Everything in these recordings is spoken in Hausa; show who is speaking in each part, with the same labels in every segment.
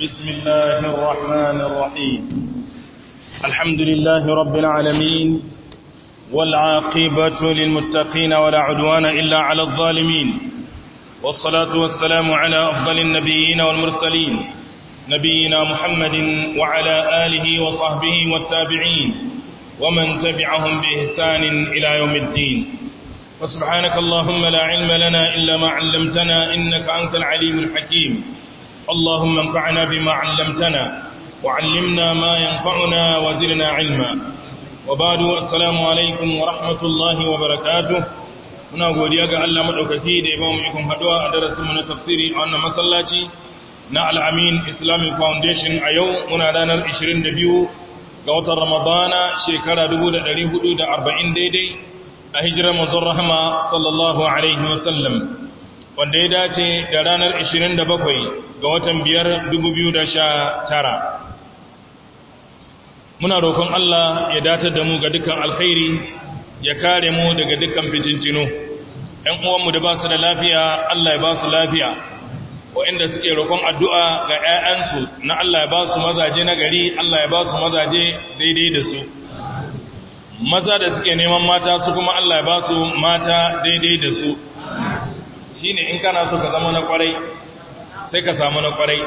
Speaker 1: بسم الله الرحمن الرحيم الحمد لله رب العالمين والعاقبة للمتقين ولا عدوان إلا على الظالمين والصلاة والسلام على أفضل النبيين والمرسلين نبينا محمد وعلى آله وصحبه والتابعين ومن تبعهم بإحسان إلى يوم الدين وسبحانك اللهم لا علم لنا إلا ما علمتنا إنك أنت العليم الحكيم اللهم انفعنا بما علمتنا وعلمنا ما ينفعنا وزرنا علما وبعد السلام عليكم ورحمة الله وبركاته muna godiya ga Allah maɗaukaki da ya ba mu ikon haɗuwa a darasinmu na tafsiri a wannan masallaci na al Islami Islamic Foundation a yau muna ranar 22 ga watan Ramadana shekara 1440 daidai a hijira mazan rahama sallallahu Alaihi wasallam wanda ya dace da ranar 27 ga watan biyar dubu biyu da sha tara muna roƙon Allah ya datar da mu ga dukkan alkhairi ya kare mu daga dukkan fitintinu ‘yan uwanmu da ba su da lafiya Allah ya ba su lafiya waɗanda suke roƙon addu'a ga ‘ya'yansu na Allah ya ba su mazaje na gari Allah ya ba su mazaje daidai da su maza da suke neman mata su kuma Allah ya ba su mata daidai da su shi ne in kana so ka zama na kwarai. sai ka samu na kwarai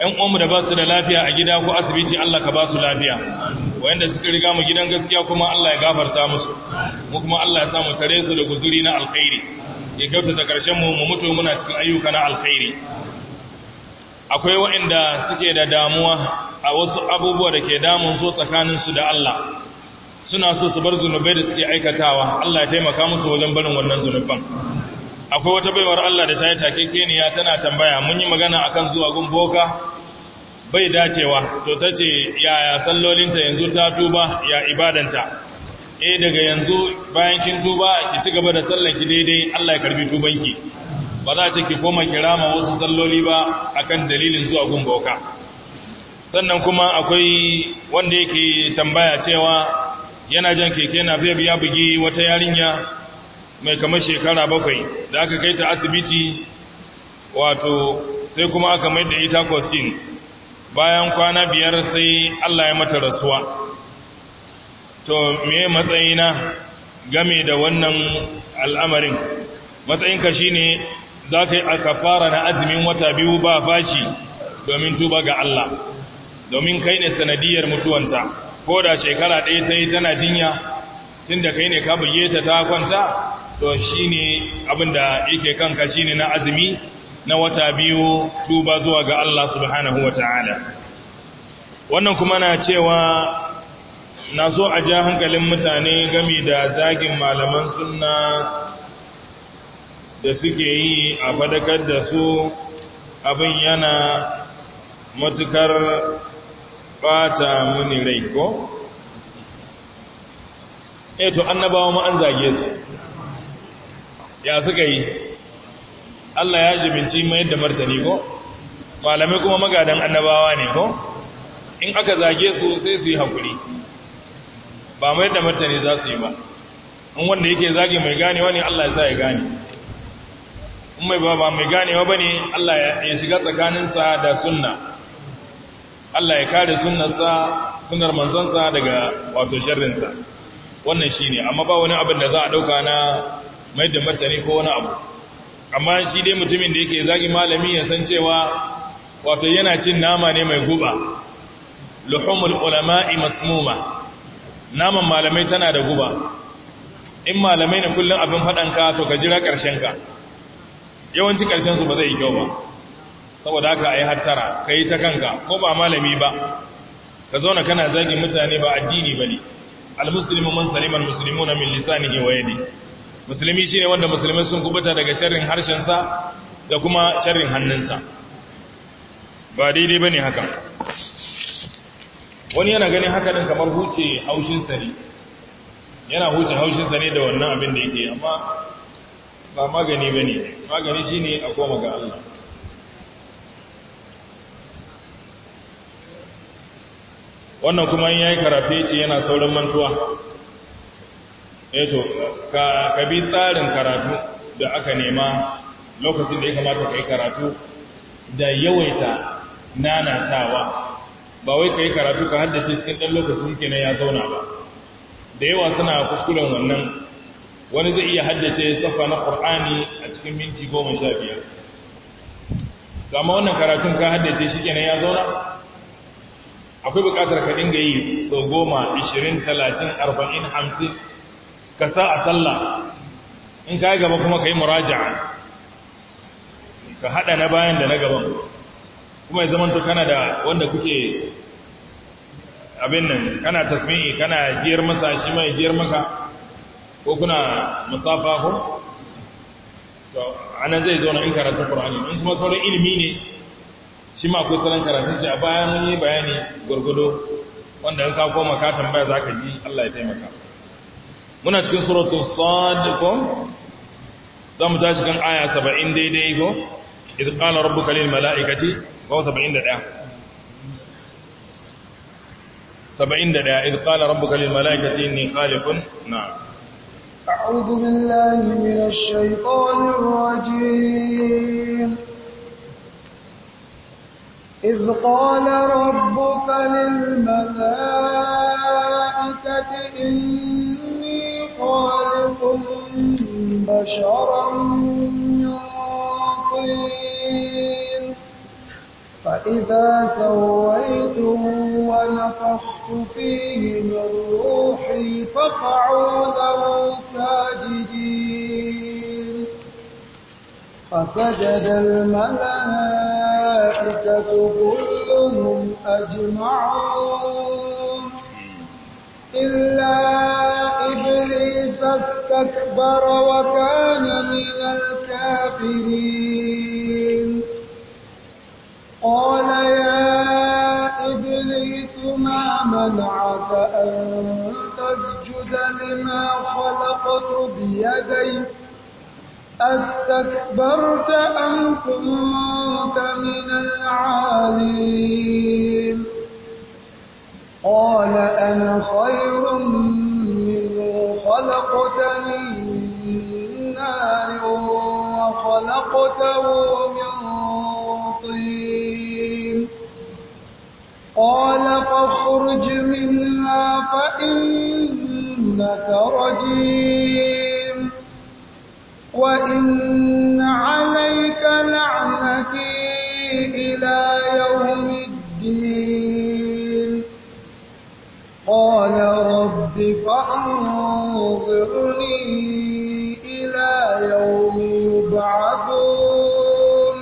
Speaker 1: ‘yan mu da ba su da lafiya a gida ko asibiti Allah ka ba su lafiya wayanda suka riga mu gidan gaskiya kuma Allah ya gafarta musu mu kuma Allah ya sa mu tare su da guzuri na alkhairi ya kyautata ƙarshen mu mu mutu muna cikin ayyuka na alkhairi akwai wayanda suke da damuwa a wasu abubuwa da ke damun so tsakanin su da Allah suna so su bar zunubai da suke aikatawa Allah ya taimaka musu wajen barin wannan zunuban akwai wata baiwar Allah da ta yi takekeniya tana tambaya mun yi magana a kan zuwa gun boka bai dacewa to ta ce yaya sallolinta yanzu ta tuba ya ibadanta eh daga yanzu bayan kin tuba ki ci gaba da ki daidai Allah ya karbi ki." ba za ce ki koma kirama wasu salloli ba akan dalilin zuwa gun boka sannan kuma akwai wanda yake tambaya cewa yana jan keke na ya bugi wata yarinya mai kamar shekara bakwai da aka kai ta asibiti wato sai kuma aka mai da ita kwasin bayan kwana biyar sai allah ya mata rasuwa to me matsayina game da wannan al'amarin matsayinka shine za ka yi a kafara na azumin wata biyu ba fashi domin tuba ga allah domin kai ne sanadiyar mutuwanta ko da shekara ɗaya ta yi tana jinya tun da kai ne ka buge ta ta kwanta to shine abinda yake kanka shine na azumi na wata biyu tuba zuwa ga Allah subhanahu wa ta'ala. wannan kuma na cewa na so a ja hankalin mutane gami da zagin malaman sunna da suke yi a fadakar da su abin yana matukar bata muni rai ko? eto eh annabawa mu an zage su ya suka yi Allah ya jibinci mai da martani ko malamai kuma magadan annabawa ne ko in aka zage su sai su yi hakuri ba mai da martani za su yi ba in wanda yake zage mai ganewa ne Allah ya sa ya gane in mai ba ba mai ganewa ba ne Allah ya shiga tsakaninsa da sunna Allah ya kare sunarsa sunar manzansa daga wato sharrinsa wannan shi ne amma ba wani abin da za a ɗauka na mai da martani ko wani abu amma shi dai mutumin da yake zagi malami ya san cewa wato yana cin nama ne mai guba luhumul ulama'i masmuma naman malamai tana da guba in malamai ne kullum abin faɗanka to ka jira ka. yawanci su ba zai yi kyau ba saboda haka a yi hattara ka yi ta kanka ko ba malami ba ka zauna kana zagi mutane ba addini ba ne al-musulmi man saliman musulmi na min lisanihi wa yadi musulmi shine wanda musulmi sun kubuta daga sharrin harshensa da kuma sharrin hannunsa ba daidai ba ne haka wani yana ganin haka ɗin kamar huce haushinsa ne yana huce haushinsa ne da wannan abin da yake amma ba magani ba ne, magani shine a koma ga Allah wannan kuma in yayi karatu ya ce yana sauran mantuwa eto eh ka bi tsarin karatu da aka nema lokacin da ya kamata ka yi karatu da yawaita nanatawa ba wai ka yi karatu ka haddace cikin ɗan lokacin kenan ya zauna ba da yawa suna kuskuren wannan wani zai iya haddace safa na ƙur'ani a cikin minti goma sha biyar gama wannan karatun ka haddace shi kenan ya zauna akwai bukatar ka dinga yi sau goma, 20 talatin, arba'in, hamsin ka sa a sallah in ka yi gaba kuma ka yi muraja'a ka haɗa na bayan da na gaban kuma ya zamanta kana da wanda kuke abin nan kana tasmini kana jiyar masa shi mai jiyar maka ko kuna musafa ko to anan zai zauna in karatu qur'ani in kuma sauran ilimi ne shi ma akwai sauran karatu shi a bayan mun yi bayani gurgudo wanda in ka koma ka tambaya zaka ji Allah ya taimaka muna cikin suratul sad ko za mu tashi kan aya saba'in daidai ko idh qala rabbuka lil mala'ikati ko 71 71 idh qala rabbuka lil mala'ikati inni khaliqun na'am
Speaker 2: أعوذ بالله من الشيطان الرجيم إذ قال ربك للملائكة إن خالق بشرا من
Speaker 3: طين
Speaker 2: فإذا سويته ونفخت فيه من روحي فقعوا له ساجدين فسجد الملائكة كلهم أجمعون إلا إبليس استكبر وكان من الكافرين قال يا إبليس ما منعك أن تسجد لما خلقت بيدي أستكبرت أم كنت من العالين قال أنا خير منه خلقتني من نار وخلقته من طين قال فاخرج منها فإنك رجيم وإن عليك لعنتي إلى يوم الدين قال رب فأنظرني إلى يوم يبعثون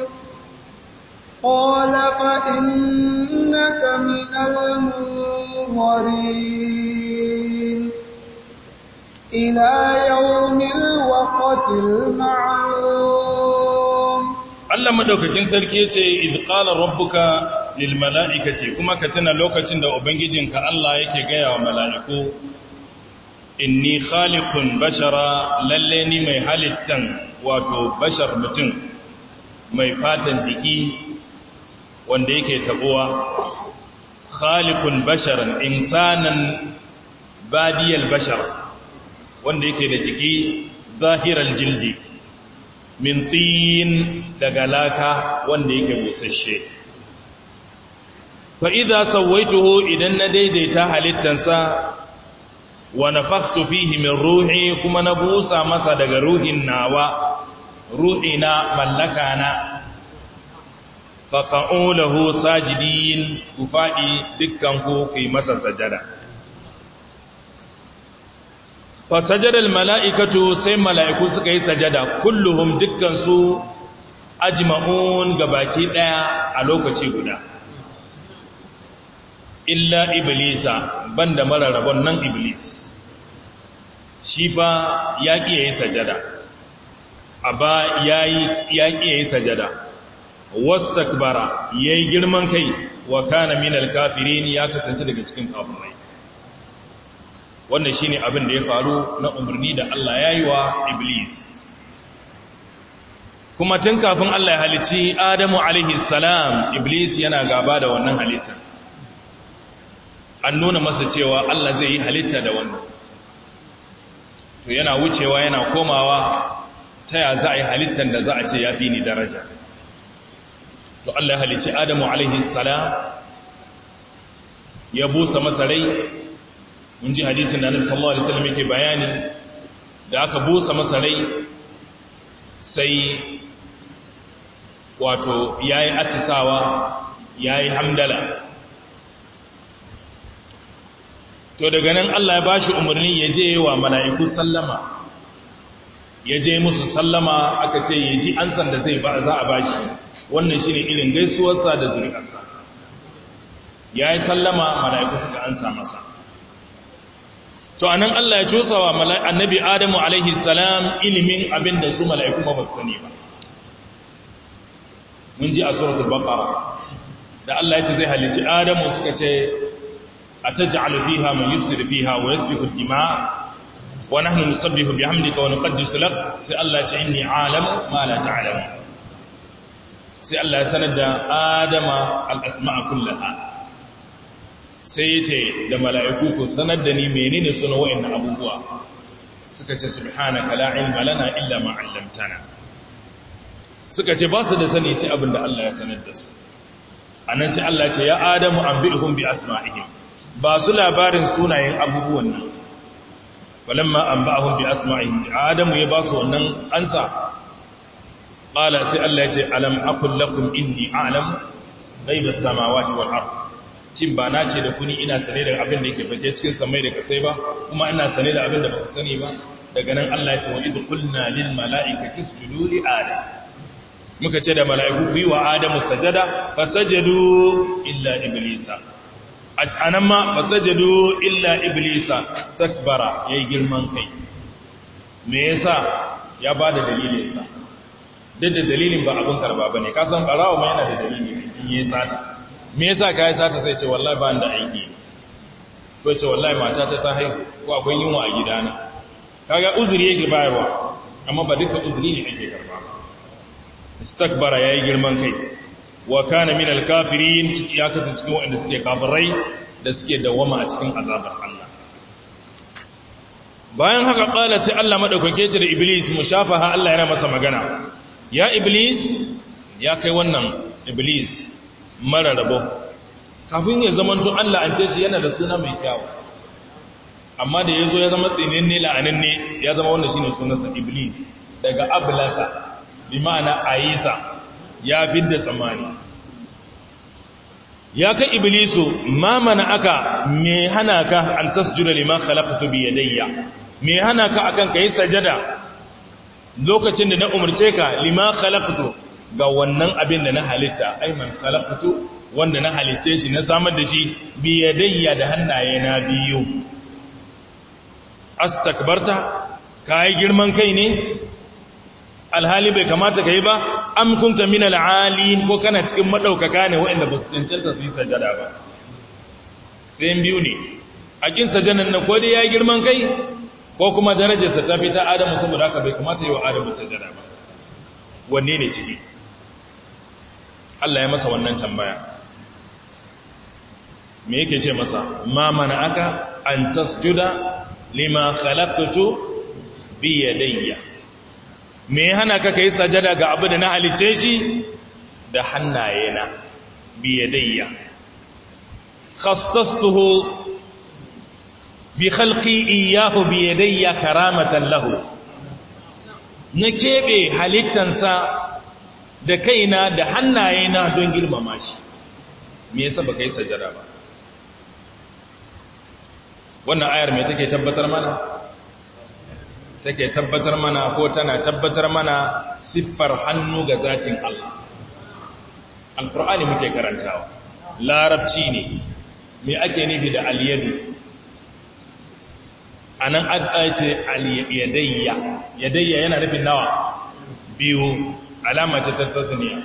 Speaker 2: قال فإنك من المنظرين إلى يوم الوقت المعلوم Allah
Speaker 1: madaukakin sarki yace id qala rabbuka lil malaikati kuma ka tuna lokacin da ubangijinka Allah yake gaya wa mala'iku inni khaliqun bashara lalle ni mai halittan wato bashar mutum mai fatan jiki wanda yake tabuwa khaliqun basharan insanan badiyal bashar wanda yake da jiki zahiral jildi min tin daga laka wanda yake busasshe fa idza sawaituhu idan na daidaita halittansa wa nafakhtu fihi min ruhi kuma na busa masa daga ruhin nawa ruhina mallakana fa qa'ulahu sajidin ku fadi dukkan ku kai masa sajada fasajadar mala'ikatu sai mala'iku suka yi sajada kulluhum dukkansu ajma'un ga baki ɗaya a lokaci guda illa iblisa banda rabon nan iblis shi fa ya kiyaye sajada a ba ya kiyaye sajada wasu takbara ya yi girman kai wa kana minal kafirin ya kasance daga cikin kafirai wannan shi ne abin da ya faru na umarni da Allah ya yi wa iblis kuma tun kafin Allah ya halicci Adamu alaihi salam iblis yana gaba da wannan halitta an nuna masa cewa Allah zai yi halitta da wannan to yana wucewa yana komawa ta ya za a yi halittar da za a ce ya fi ni daraja to Allah ya halicci Adamu alaihi salam ya busa masa rai mun ji hadisin da annabi sallallahu alaihi wasallam yake bayani da aka busa masa rai sai wato yayi atisawa yayi hamdala to daga nan Allah ya bashi umarni ya je wa mala'iku sallama ya je musu sallama aka ce ya ji an da zai ba za a bashi wannan shine irin gaisuwarsa da zuri'arsa ya yi sallama mala'iku suka ansa masa to anan Allah ya wa annabi Adamu alaihi salam ilimin abin da su mala'iku ba sani ba mun ji a suratul baqara da Allah ya ce zai halici Adamu suka ce ataj'alu fiha man da fiha wa yasfiku dima wa nahnu nusabbihu bihamdika wa nuqaddisu lak sai Allah ya ce inni alamu ma la ta'lamu sai Allah ya sanar da Adama al-asma'a kullaha sai ya ce da mala'iku ku sanar da ni menene suna wa'in abubuwa suka ce subhanaka la ilma lana illa ma suka ce ba su da sani sai abin da Allah ya sanar da su A nan sai Allah ce ya adamu an bi asma'ihim ba su labarin sunayen abubuwan nan falamma anba'ahum bi asma'ihim adamu ya ba su wannan ansa qala sai Allah ya ce alam aqul lakum inni a'lamu ghaibas samawati wal ardh cin ba na ce da kuni ina sane da abin da ke fake cikin samai da kasai ba kuma ina sane da abin da ba ku sani ba daga nan Allah ya ce wa idu qulna lil mala'ikati isjudu li adam muka ce da mala'iku ku yi wa adamu sajada fasajadu illa iblisa anan ma fasajadu illa iblisa istakbara yayi girman kai me yasa ya bada dalilin sa da dalilin ba abin karba bane ka san karawa ma yana da dalili in yi sata me yasa ka yi sata sai ce wallahi ba da aiki ko ce wallahi matata ta haihu ko akwai yunwa a gidana kaga uzuri yake bayarwa amma ba duka uzuri ne yake karba istakbara yayi girman kai wa kana min alkafirin ya kasance cikin waɗanda suke kafirai da suke dawama a cikin azabar Allah bayan haka kala sai Allah madaukake ce da iblis mu mushafaha Allah yana masa magana ya iblis ya kai wannan iblis mara rabo kafin ya zama zamanto an la'ance shi yana da suna mai kyau amma da ya zo ya zama tsinenne la'ananne ya zama wanda shine sunansa iblis daga ablasa bi ma'ana ayisa ya fidda tsammani ya ka iblisu ma mana aka me hana ka an tasjuda liman khalaqtu bi yadayya me hana ka akan kai sajada lokacin da na umarce ka liman khalaqtu ga wannan abin da na halitta ai man khalaqtu wanda na halitte shi na samar da shi bi yadayya da hannaye na biyu astakbarta kai girman kai ne alhali bai kamata kai ba am kunta min alalin ko kana cikin madaukaka ne waɗanda ba su cancanta su yi sajada ba dan biyu ne a kin sajanan na ko dai ya girman kai ko kuma darajarsa ta fita adamu saboda haka bai kamata yi wa adamu sajada ba wanne ne ciki Allah ya masa wannan tambaya me yake ce masa ma mana aka an tasjuda lima khalaqtu bi yadayya me hana ka kai sajada ga abu da na halice shi da hannayena bi yadayya khassastuhu bi khalqi iyyahu bi yadayya karamatan lahu na kebe halittansa da kaina da hannayena don girmama shi me yasa baka yi sajada ba wannan ayar me take tabbatar mana take tabbatar mana ko tana tabbatar mana siffar hannu ga zatin Allah alqur'ani muke karantawa larabci ne me ake nufi da aliyadi anan an ce aliyadayya yadayya yana nufin nawa biyu alama ce ta tasniya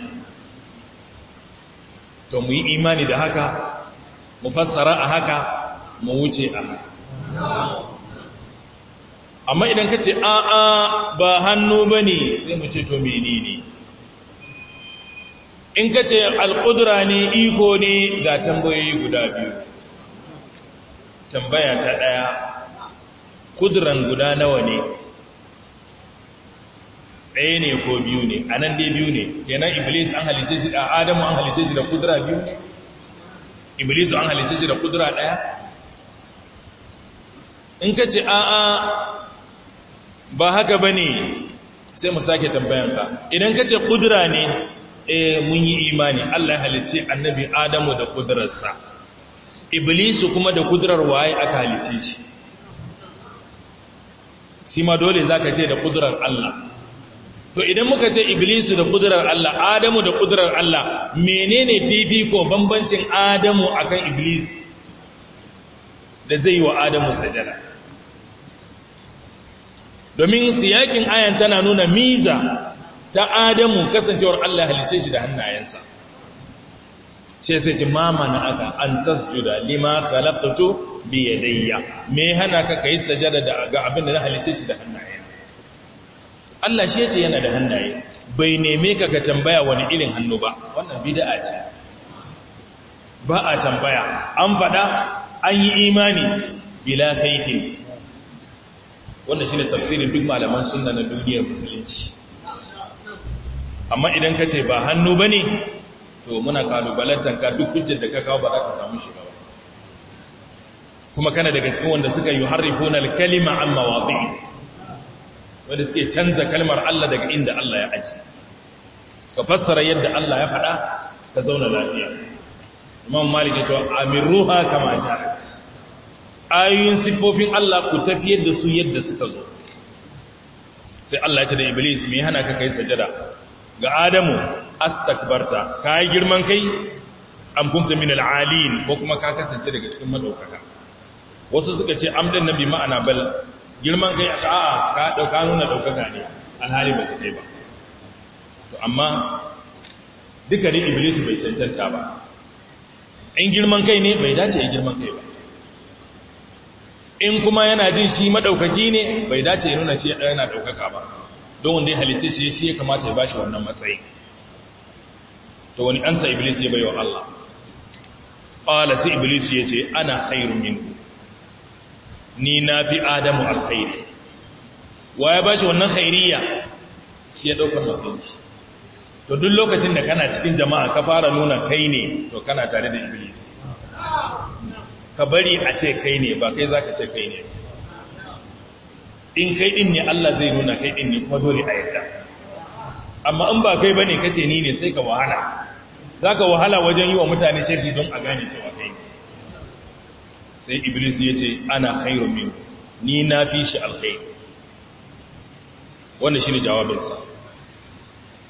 Speaker 1: to mu yi imani da haka mu fassara a haka mu wuce a haka amma idan ka ce a'a ba hannu ba ne sai mu ce to mene ne in ka ce alƙudura ne iko ne ga tambayoyi guda biyu tambaya ta ɗaya ƙudurar guda nawa ne ɗaya ne ko biyu ne a nan dai biyu ne kenan iblis an halice shi da adamu an halice shi da kudura biyu ne iblis an halice shi da kudura ɗaya in ka ce a'a ba haka ba ne sai mu sake tambayanka idan ka ce kudura ne e mun yi imani Allah ya halice annabi adamu da kudurarsa iblisu kuma da kudurar waye aka halice shi shi ma dole za ka ce da kudurar Allah to idan muka ce iblisu da kudurar Allah adamu da kudurar Allah menene ko bambancin adamu akan iblis da zai yi wa adamu sajada domin siyakin ayan tana nuna miza ta adamu kasancewar Allah halice shi da hannayensa ce sai mamana aka an tasjuda lima khalaqtu bi yadayya me hana ka kai sajada da ga abin da na halice shi da hannayen? Allah shi ce yana da hannaye bai neme ka ka tambaya wani irin hannu ba wannan bid'a ce ba a tambaya an faɗa an yi imani bila kaifi wannan shine tafsirin duk malaman sunna na duniyar musulunci amma idan ka ce ba hannu bane to muna kalubalantar ka duk hujjar da ka kawo ba za ta samu shi kuma kana daga cikin wanda suka yi harifunar kalima an mawadi wanda suke canza kalmar Allah daga inda Allah ya aji ka fassara yadda Allah ya faɗa ka zauna lafiya imam malik ya ce amiruha kama ayoyin sifofin Allah ku tafiyar da su yadda suka zo sai Allah ya ce da iblis mai hana ka kai sajada ga adamu astakbarta ka yi girman kai an kunta min al'alin ko kuma ka kasance daga cikin madaukaka wasu suka ce amdan nabi ma'ana bal girman kai aka a'a ka dauka nuna daukaka ne alhali ba kai ba to amma duka ne iblis bai cancanta ba in girman kai ne bai dace ya girman kai ba in kuma yana jin shi madaukaki ne bai dace ya nuna shi yana daukaka ba don wanda ya halitta shi shi ya kamata ya bashi wannan matsayi to wani ansa iblis ya bai wa Allah qala sai iblis ya ce ana khairun minhu ni na fi adamu alkhairi wa ya ba shi wannan khairiyya shi ya ɗaukar mafi shi to duk lokacin da kana cikin jama'a ka fara nuna kai ne to kana tare da iblis ka bari a ce kai ne ba kai za ka ce kai ne in kai din ne allah zai nuna kai din ne kuma dole a yadda amma in ba kai bane kace ni ne sai ka wahala za ka wahala wajen yi wa mutane shirki don a gane cewa kai ne sai iblis ya ce ana hairu min ni na fi shi wanda shi shine jawabinsa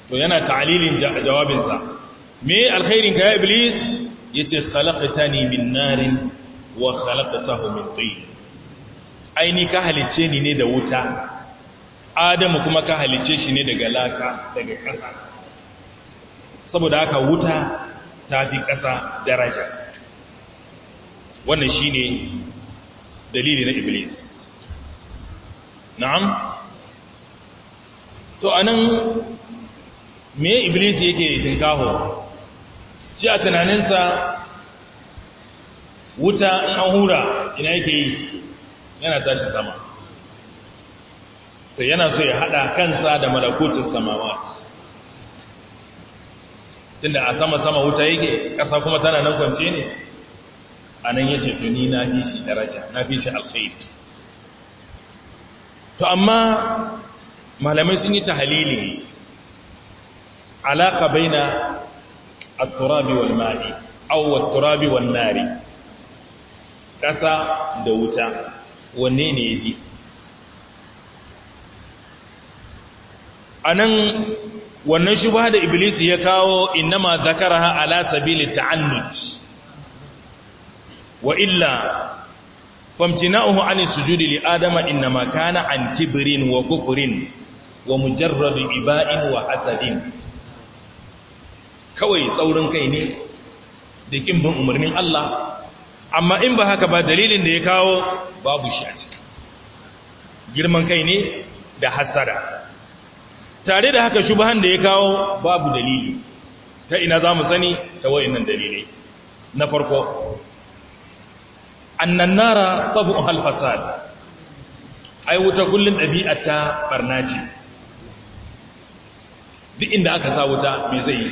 Speaker 1: to yana ta'alilin jawabinsa me alkhairin ka ya iblis yace ne min narin wa khalaqtahu min kai. aini ka halice ni ne da wuta adamu kuma ka halice shi ne daga laka daga ƙasa saboda haka wuta ta fi ƙasa daraja wannan shine dalili na iblis na'am to anan me iblis yake tinkaho ci a tunaninsa wuta hahura ina yake yi yana tashi sama to yana so ya hada kansa da malakutun samawat tunda a sama sama wuta yake ƙasa kuma tana nan kwance ne a nan ya ce to ni na fi shi daraja na fi shi alkhairi to amma malamai sun yi tahalili alaka baina at-turabi wal ma'i aw at-turabi wan nari kasa da wuta wanne ne yafi anan wannan shubha da iblis ya kawo inna ma zakaraha ala sabili ta'annuj wa illa famtina'uhu an sujudi li adama innama kana an kibrin wa kufrin wa mujarrad iba'in wa hasadin kawai tsaurin kai ne da kin bin umarnin Allah amma in ba haka ba dalilin da ya kawo babu shi a ciki girman kai ne da hasada tare da haka shubahan da ya kawo babu dalili ta ina za mu sani ta wayannan dalilai na farko annan nara babu halfasad ai wuta kullum ɗabi'a ta barna ce duk inda aka sa wuta me zai yi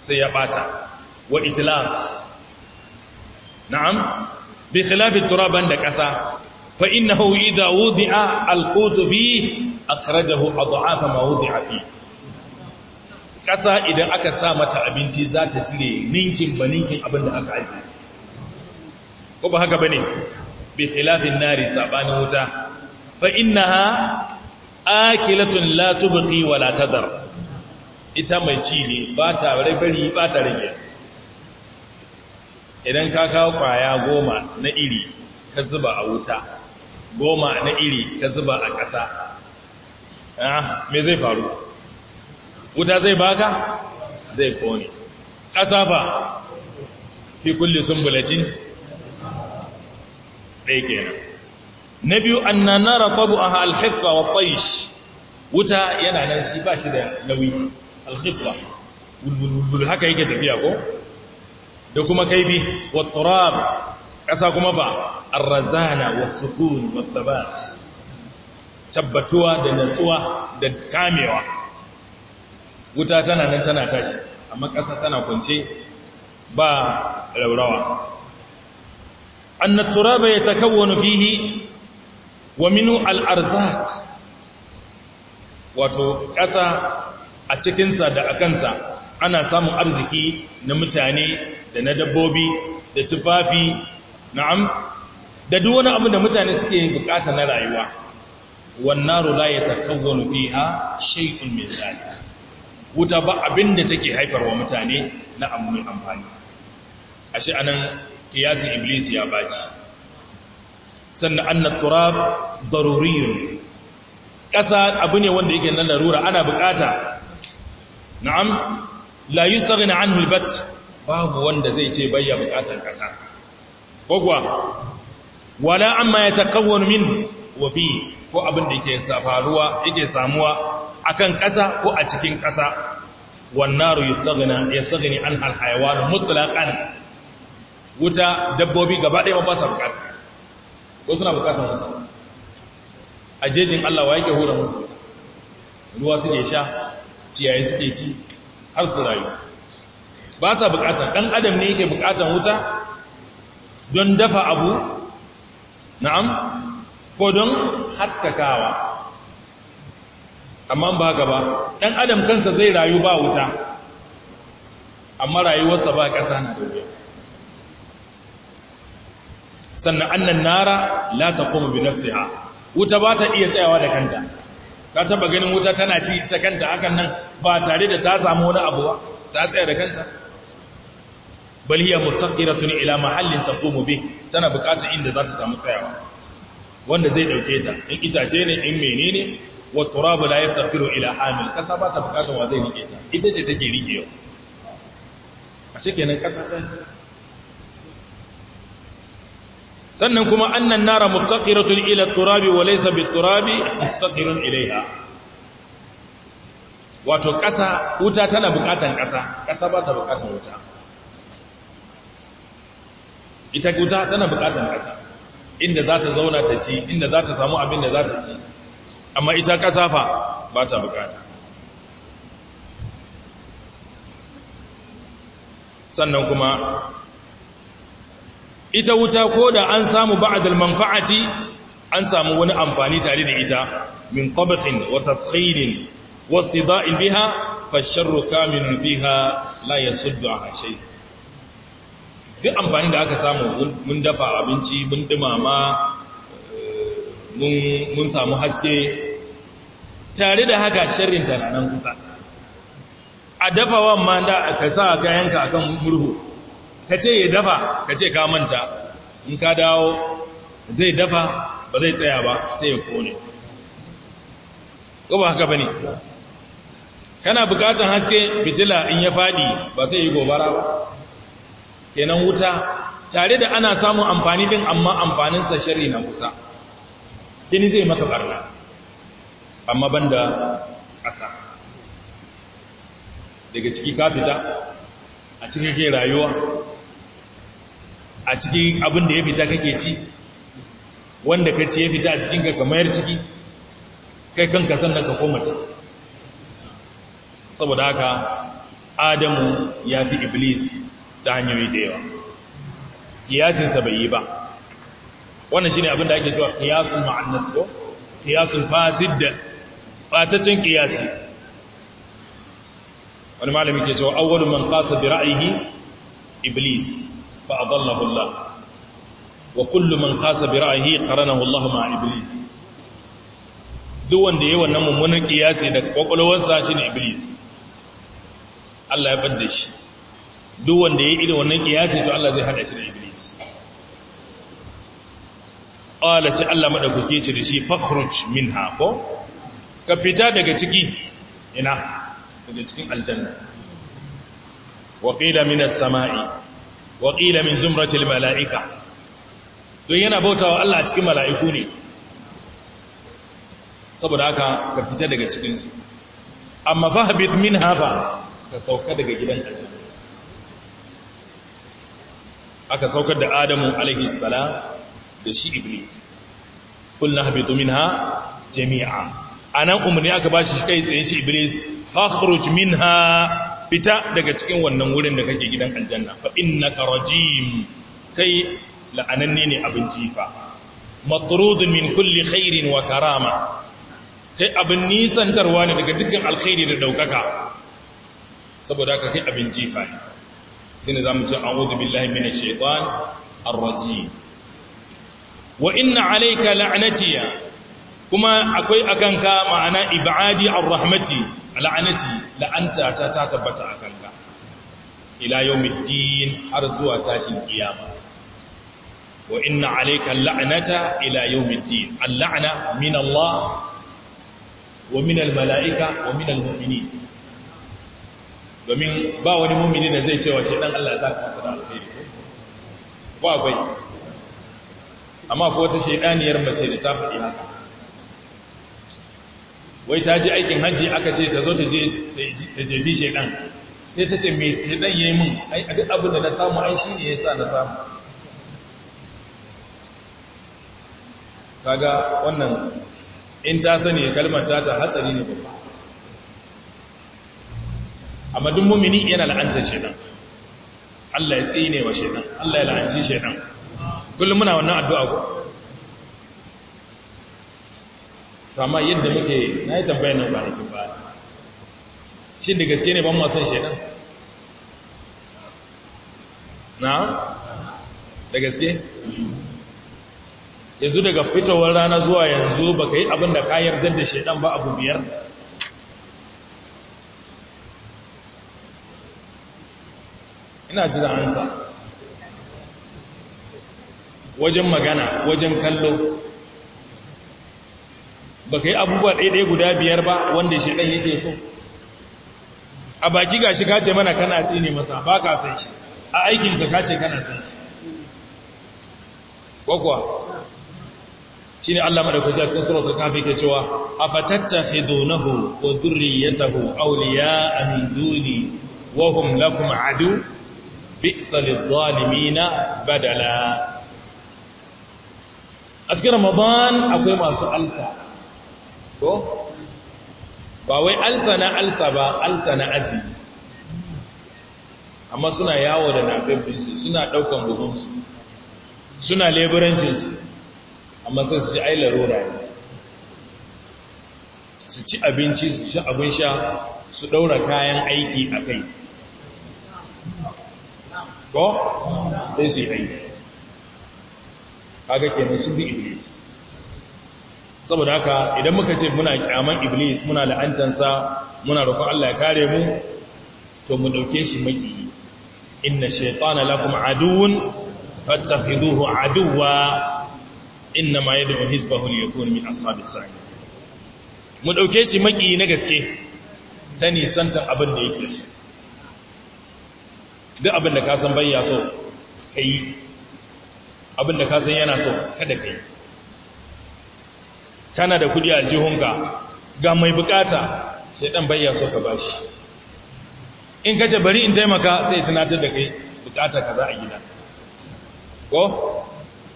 Speaker 1: sai ya ɓata wa itilaf na'am bi khilafin turaban da ƙasa fa inna hau idha wudi'a alqutu fi akhrajahu adhafa ma wudi'a fi ƙasa idan aka sa mata abinci za ta cire ninkin ba ninkin abin da aka ajiye ko ba haka bane bi silafin nari sabanin wuta fa innaha akilatun la tubqi wa la ita mai ci ne ba ta rabari ba ta rage idan ka kawo kwaya goma na iri ka zuba a wuta goma na iri ka zuba a ƙasa ah me zai faru wuta zai baka zai kone ƙasa fa fi kulli sumbulatin ɗaya nan na biyu anna nara a aha wa wuta yana nan shi ba shi da nauyi alhifza haka yake tafiya ko da kuma kaibi wa turab ƙasa kuma ba arrazana wa sukun wa tabbatuwa da natsuwa da kamewa wuta tana nan tana tashi amma ƙasa tana kwance ba raurawa أن التراب يتكون فيه ومنه الأرزاق wato ƙasa a cikinsa da a kansa ana samun arziki na mutane da na dabbobi da tufafi na'am da duk wani abu da mutane suke bukata na rayuwa wannan la ya takawwanu fiha shay'un min zalik wuta ba abinda take haifarwa mutane na abu amfani ashe anan kiyasin iblis ya baci sannan anna turab daruriyun ƙasa abu ne wanda yake nan larura ana bukata na'am la yusaghna an albat babu wanda zai ce bayya bukatan ƙasa gwagwa wala amma yatakawwanu min wafi ko abin da yake faruwa yake samuwa akan ƙasa ko a cikin ƙasa wannan yusaghna yasaghni an da mutlaqan wuta dabbobi gaba ɗaya ba sa bukata ko suna bukata wuta a jejin Allah wa yake hura musu wuta ruwa ne sha ciyayi ne ci har su rayu ba sa bukata ɗan adam ne yake bukatan wuta don dafa abu na'am ko don haskakawa amma ba gaba. ɗan adam kansa zai rayu ba wuta amma rayuwarsa ba ƙasa na dubiya sannan annan nara la taqumu bi nafsiha wuta ba ta iya tsayawa da kanta ka taba ganin wuta tana ci ta kanta hakan nan ba tare da ta samu wani abu ba ta tsaya da kanta bal hiya mutaqiratun ila mahallin taqumu bi tana bukata inda za ta samu tsayawa wanda zai dauke ta in itace ne in menene wa turabu la yaftaqiru ila hamil kasa ba ta bukata wa zai rike ta ita ce take rike yau a shekenan kasa ta sannan kuma annan nara muftaqiratun ila turabi wa laysa biturabi muftaqirun ilaiha wato ƙasa wuta tana buƙatan ƙasa ƙasa ba ta buƙatan wuta ita wuta tana buƙatan ƙasa inda za ta zauna ta ci inda za ta samu abin da za ta ci amma ita ƙasa fa ba ta buƙata sannan kuma ita wuta ko da an samu ba'dal manfa'ati an samu wani amfani tare da ita min qabthin wa tasqilin wa istida'in biha fa sharru kaminun fiha la yasuddu an shay duk amfani da aka samu mun dafa abinci mun dumama eh, mun samu haske tare da haka sharrin tana nan kusa a dafawan ma da aka sa kayanka akan murhu ka ce ya dafa ka ce ka manta in ka dawo zai dafa ba zai tsaya ba sai ya kone ko ba haka ba ne kana bukatan haske fitila in ya faɗi ba sai yi gobara ba kenan wuta tare da ana samun amfani din amma amfaninsa shari na kusa kini zai maka barna amma banda ƙasa daga ciki ka fita a cikin rayuwa a cikin abin da ya fita kake ci wanda ka ci ya fita a cikin ka kamar ciki kai kanka sannan ka koma ci saboda haka adamu ya fi iblis ta hanyoyi da yawa kiyasinsa bai yi ba wannan shi ne abin da ake cewa kiyasun ma'annas ko kiyasun fasid da ɓataccen kiyasi wani malami ke cewa awwalu man bi ra'ayihi iblis fa adallahu Allah wa kullu man qasa bi ra'yihi qaranahu Allah ma iblis duk wanda yayi wannan mummunan kiyasi da kwakwalwarsa shine iblis Allah ya bada shi duk wanda yayi irin wannan kiyasi Allah zai hada shi da iblis qala sai Allah madaukake ce da shi fakhruj minha ko ka fita daga ciki ina daga cikin aljanna sama'i wa ƙila min zumratul mala'ika don yana bautawa Allah cikin mala'iku ne saboda haka ka fita daga cikinsu amma amma fahbit min hafa ka sauka daga gidan aljanna aka saukar da Adamu alaihi da shi Iblis kulna habitu minha jami'a a nan umarni aka bashi shi kai tsaye shi Iblis min minha fita daga cikin wannan wurin da kake gidan aljanna fa innaka rajim kai la'ananne ne abin jifa matrudun min kulli khairin wa karama kai abin nisantarwa ne daga dukkan alkhairi da daukaka saboda ka kai abin jifa ne shine zamu ce a'udhu billahi minash shaitan ar-rajim wa inna alayka la'natiya kuma akwai akanka ma'ana ibadi ar-rahmati la'anati la'anta ta ta tabbata a kanka ila yawmiddin har zuwa tashin kiyama wa inna alayka la'nata ila yawmiddin al-la'na min Allah wa min al-mala'ika wa min al-mu'minin domin ba wani mu'mini da zai cewa shi dan Allah ya saka masa da alheri Ba akwai amma ko ta shedaniyar mace da ta faɗi haka wai ta ji aikin hajji aka ce ta zo ta je ta bi shaidan sai ta ce mai shaidan ya yi min duk abin da na samu ai shi ne ya sa na samu kaga wannan in ta sani kalmar ta ta hatsari ne babba amma duk mumini yana la'anta shaidan Allah ya tsine wa shaidan Allah ya la'anci shaidan kullum muna wannan addu'a ko to amma yadda muke na yi tambayar nan kwanakin ba shi da gaske ne ban masan shaidan na da gaske yanzu daga fitowar rana zuwa yanzu ba ka yi abin da ka yarda da shaidan ba abu biyar ina da ansa wajen magana wajen kallo ba ka yi abubuwa ɗaiɗai guda biyar ba wanda shi ɗan yake so a baki ga shi kace mana kana tsini masa ba ka san shi a aikinka kace kana san shi kwakwa shi ne Allah maɗaukaki a cikin suratul kafi ke cewa a fatattakhidunahu wa dhurriyyatahu awliya'a auliya a wa hum lakum adu bi'sa lidh na badala a cikin ramadan akwai masu alsa ko ba wai alsa na alsa ba alsa na azumi amma suna yawo da nafafinsu suna ɗaukan buhunsu suna leburancinsu amma sai su ci ailar larura ne su ci abinci su ci abin sha su ɗaura kayan aiki a kai ko sai su yi aiki kaga kenan su bi iblis saboda haka idan muka ce muna kyaman iblis muna la'antansa muna roƙon Allah ya kare mu to mu dauke shi maki inna shaytana lakum aduwwun fattakhiduhu aduwa inna ma yad'u hizbahu liyakun min ashabis sa'i mu dauke shi maki na gaske ta nisantar abin da yake so duk abin da ka san bayya so kai abin da ka san yana so kada kai kana da kudi a jihunka ga mai bukata sai dan bayya so ka bashi in kace bari in taimaka sai tunatar da kai bukata kaza a gida ko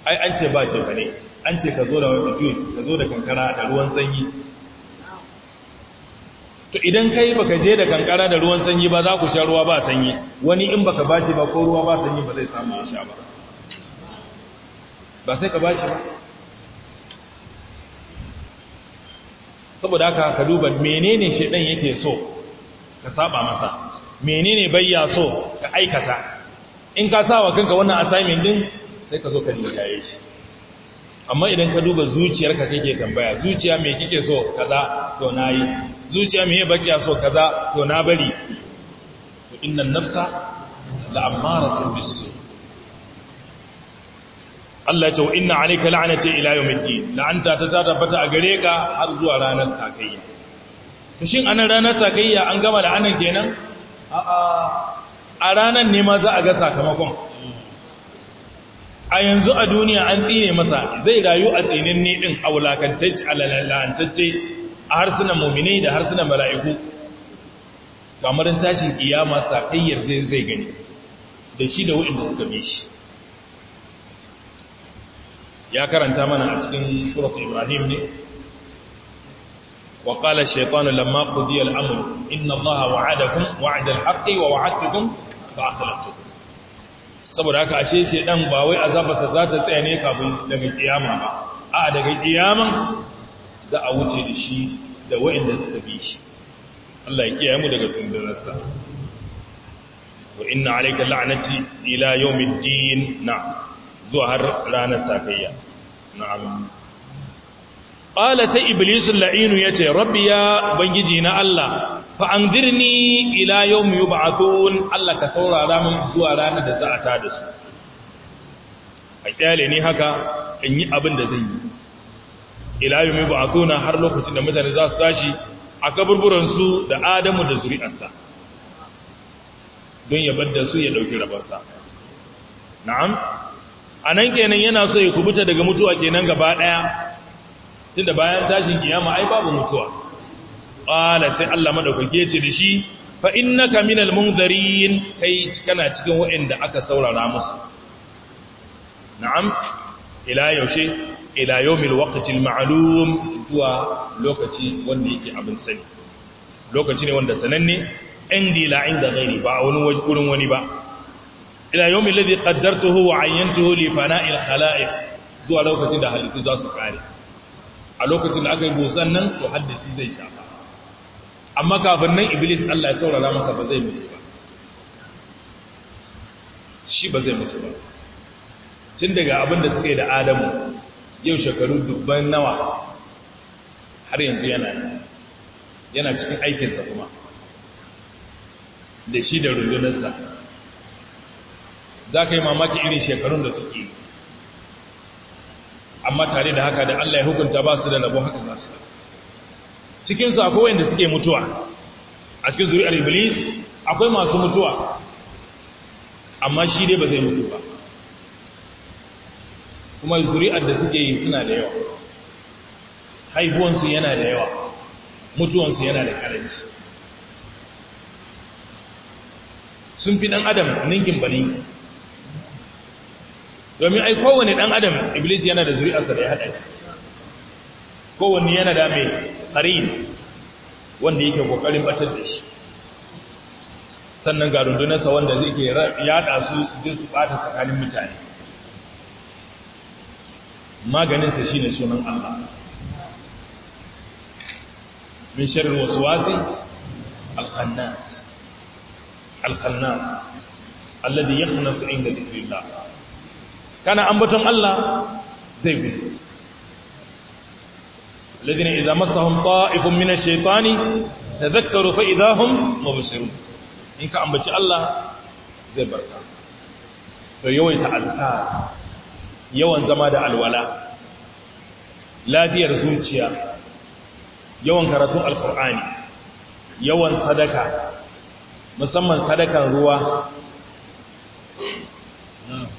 Speaker 1: ai an ce ba ce bane an ce ka zo da juice ka zo da kankara da ruwan sanyi to idan kai baka je da kankara da ruwan sanyi ba za ku sha ruwa ba sanyi wani in baka bashi ba ko ruwa ba sanyi ba zai samu ya sha ba ba sai ka bashi ba saboda haka ka duba menene shedan yake so ka saba masa menene bayya so ka aikata in ka sawa kanka wannan assignment din sai ka zo ka nishaye shi amma idan ka duba zuciyarka kake tambaya zuciya me kike so kaza to nayi zuciya me bakiya so kaza to na bari to innan nafsa la'ammaratun bisu Allah ce wa inna alayka la'nati ila yawmiddin la'anta ta ta tabbata a gare ka har zuwa ranar sakayya to shin anan ranar sakayya an gama anan kenan a a ranan ne ma za a ga sakamakon a yanzu a duniya an tsine masa zai rayu a tsinin ne din a wulakantacce a lalantacce a harsunan mumini da harsunan mala'iku kamarin tashin kiyama sakayyar zai zai gani da shi da waɗanda suka bi shi ya karanta mana a cikin suratul ibrahim ne wa qala ash-shaytanu lamma qudiya al-amru inna allaha wa'adakum wa'da al-haqqi wa wa'adtukum fa akhlaftukum saboda haka ashe shedan ba wai azabarsa za ta tsaya ne kafin daga kiyama ba a daga kiyaman za a wuce da shi da wa'inda suka bi shi Allah ya kiyaye mu daga tundararsa wa inna alayka la'nati ila yawmiddin na'am zuwa har ranar safiya na'am qala sai Iblisun la'inu ya ce rabbi ya bangiji na Allah fa anzirni ila yawmi yub'athun Allah ka saurara mun zuwa ranar da za a ta da su a ƙyale ni haka in yi abin da zan yi ila yawmi yub'athuna har lokacin da mutane za su tashi a kaburburan su da Adamu da zuri'arsa don ya bar da su ya ɗauki rabansa na'am a nan kenan yana so ya kubuta daga mutuwa kenan gaba ɗaya tun da bayan tashin kiyama ai babu mutuwa ƙwala sai Allah maɗaukake ce da shi fa inna ka minal munzarin kai kana cikin waɗanda aka saurara musu na'am ila yaushe ila yawmil waqtil ma'lum zuwa lokaci wanda yake abin sani lokaci ne wanda sananne indi la inda ghairi ba wani wurin wani ba ila yawmin ladhi qaddartuhu wa ayyantuhu li fana'il khala'iq zuwa lokacin da halittu za su kare a lokacin da aka yi gosan nan to haddashi zai shafa amma kafin nan iblis Allah ya saurara masa ba zai mutu ba shi ba zai mutu ba tun daga abin da suka yi da adamu yau shekaru dubban nawa har yanzu yana yana cikin aikinsa kuma da shi da rundunarsa za ka yi mamaki irin shekarun da suke amma tare da haka da Allah ya hukunta ba su da labo haka za su cikinsu akwai wanda suke mutuwa a cikin zuri'ar iblis akwai masu mutuwa amma shi dai ba zai mutu ba kuma zuri'ar da suke yi suna da yawa haihuwansu yana da yawa mutuwansu yana da karanci sun fi ɗan adam ninkin bari. domin ai kowane dan adam iblis yana da zuri'arsa da ya hada shi kowanne yana da mai qarin wanda yake kokarin batar da shi sannan ga rundunarsa wanda zai ke yada su su je su bata tsakanin mutane maganinsa shine sunan Allah min sharri waswasi al-khannas al-khannas alladhi yakhnasu inda dhikrillah kana ambaton Allah zai gudu alladhina idza massahum ta'ifun min ash tadhakkaru fa idza mubsirun in ka ambaci Allah zai barka to yawaita azkar yawan zama da alwala lafiyar zuciya yawan karatun alkur'ani yawan sadaka musamman sadakan ruwa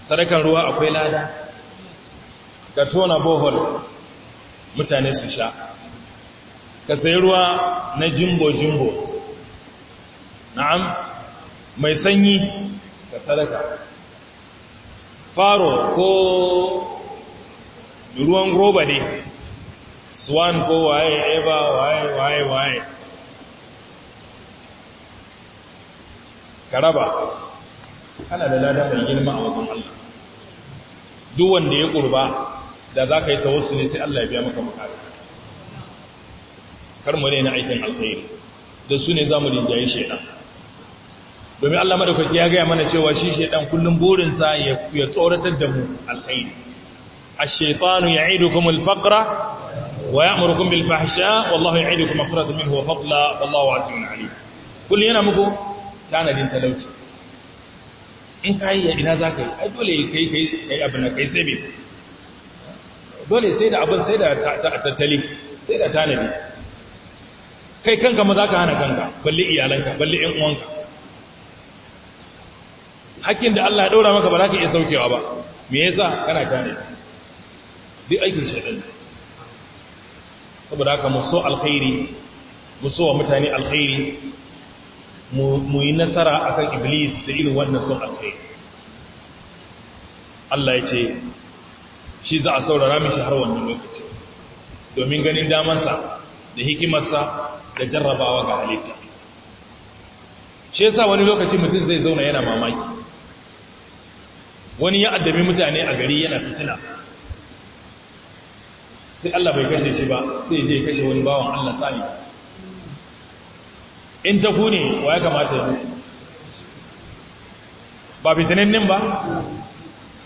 Speaker 1: sadakan ruwa akwai lada ka tona bohol mutane su sha ka sayi ruwa na jimbo-jimbo na'am mai sanyi ka sadaka faro ko ruwan roba ne swan ko waye eba waye waye waye ka raba kana da lada mai girma a wajen Allah duk wanda ya kurba da za ka yi ne sai Allah ya biya maka bukata kar mu na aikin alkhairi da su ne za mu rinjaye shaidan domin Allah madaukaki ya gaya mana cewa shi shaidan kullum burinsa ya tsoratar da mu alkhairi ash-shaytanu ya'idukum al-faqra wa ya'murukum bil fahsha wallahu ya'idukum maghfiratan minhu wa fadla wallahu 'azizun 'alim yana muku tanadin talauci in ka yi ina za ka yi ai dole kai kai kai abin da kai sai bi. dole sai da abin sai da tattali sai da tanadi kai kanka ma za ka hana kanka balle iyalanka balle ƴan uwanka hakkin da Allah ya daura maka ba za ka iya saukewa ba me yasa kana tanadi duk aikin shaɗin saboda haka muso alkhairi muso wa mutane alkhairi mu yi nasara akan iblis da irin wannan son alkhairi Allah ya ce shi za a saurara mishi har wannan lokaci domin ganin damansa da hikimarsa da jarrabawa ga halitta shi yasa wani lokaci mutum zai zauna yana mamaki wani ya addabi mutane a gari yana fitina sai Allah bai kashe shi ba sai je kashe wani bawan Allah sani in ta ku ne wa ya kamata ya mutu ba fitinannin ba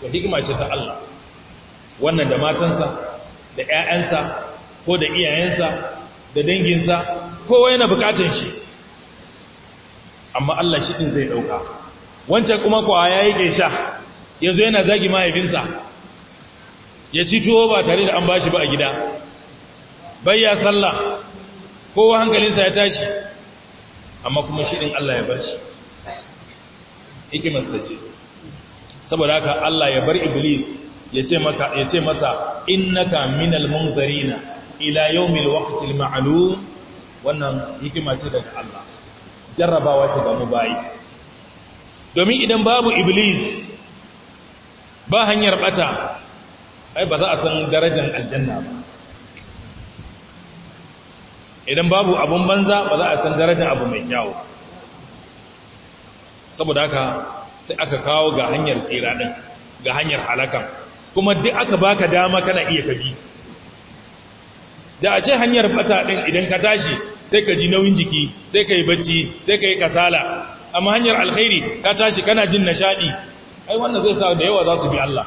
Speaker 1: da hikima ce ta Allah wannan da matansa da 'ya'yansa ko da iyayensa da danginsa kowa yana bukatun shi amma Allah shi ɗin zai ɗauka wancan kuma kuwa ya yi ƙesha yanzu yana zagi mahaifinsa ya ci tuwo ba tare da an ba shi ba a gida bayya sallah kowa hankalinsa ya tashi amma kuma shi ɗin Allah ya bar shi hikimarsa ce saboda haka Allah ya bar iblis ya ce masa, ya ce masa innaka minal munzarina ila yawmil waqtil ma'lum wannan hikima ce daga Allah jarrabawa ce ga mu bayi domin idan babu iblis ba hanyar bata ai ba za a san darajar aljanna ba idan babu abun banza ba za a san darajar abu mai kyawu saboda haka sai aka kawo ga hanyar tsira din ga hanyar halaka kuma duk aka baka dama kana iya kabi da a ce hanyar bata ɗin, idan ka tashi sai ka ji nauyin jiki sai ka yi bacci sai ka yi kasala amma hanyar alkhairi ka tashi kana jin nishadi ai wannan zai sa da yawa za su bi Allah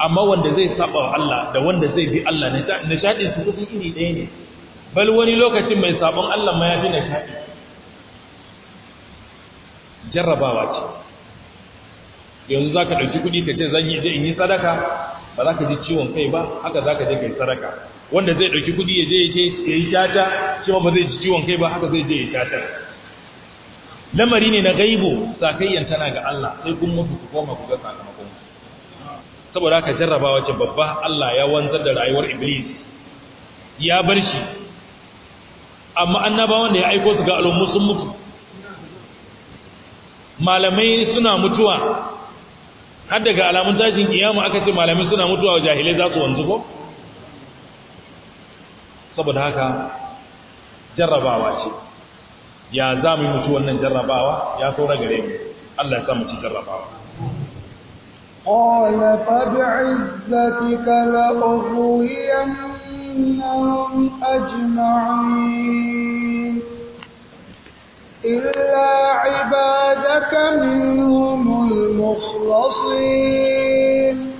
Speaker 1: amma wanda zai saba Allah da wanda zai bi Allah nishadin su kusan iri ɗaya ne bal wani lokacin mai sabon Allah ma ya fi nishaɗi jarrabawa ce yanzu za ka ɗauki kuɗi ka ce zan yi je in yi sadaka ba za ka ji ciwon kai ba haka za ka je ka yi sadaka wanda zai ɗauki kuɗi ya je ya yi caca shi ba zai ji ciwon kai ba haka zai je ya caca lamari ne na gaibo sakayyan tana ga Allah sai kun mutu ku koma ku ga sakamakon saboda haka jarrabawa ce babba Allah ya wanzar da rayuwar iblis ya bar shi amma annabawan da ya aiko su ga al'ummu sun mutu malamai suna mutuwa har daga alamun tashin kiyama aka ce malamai suna mutuwa wa jahilai za su wanzu ko saboda haka jarrabawa ce ya za mu yi mutu wannan jarrabawa ya saura gare mu Allah ya sa mu ci jarrabawa
Speaker 2: قال فبعزتك لأغوينهم إنهم أجمعين إلا عبادك منهم المخلصين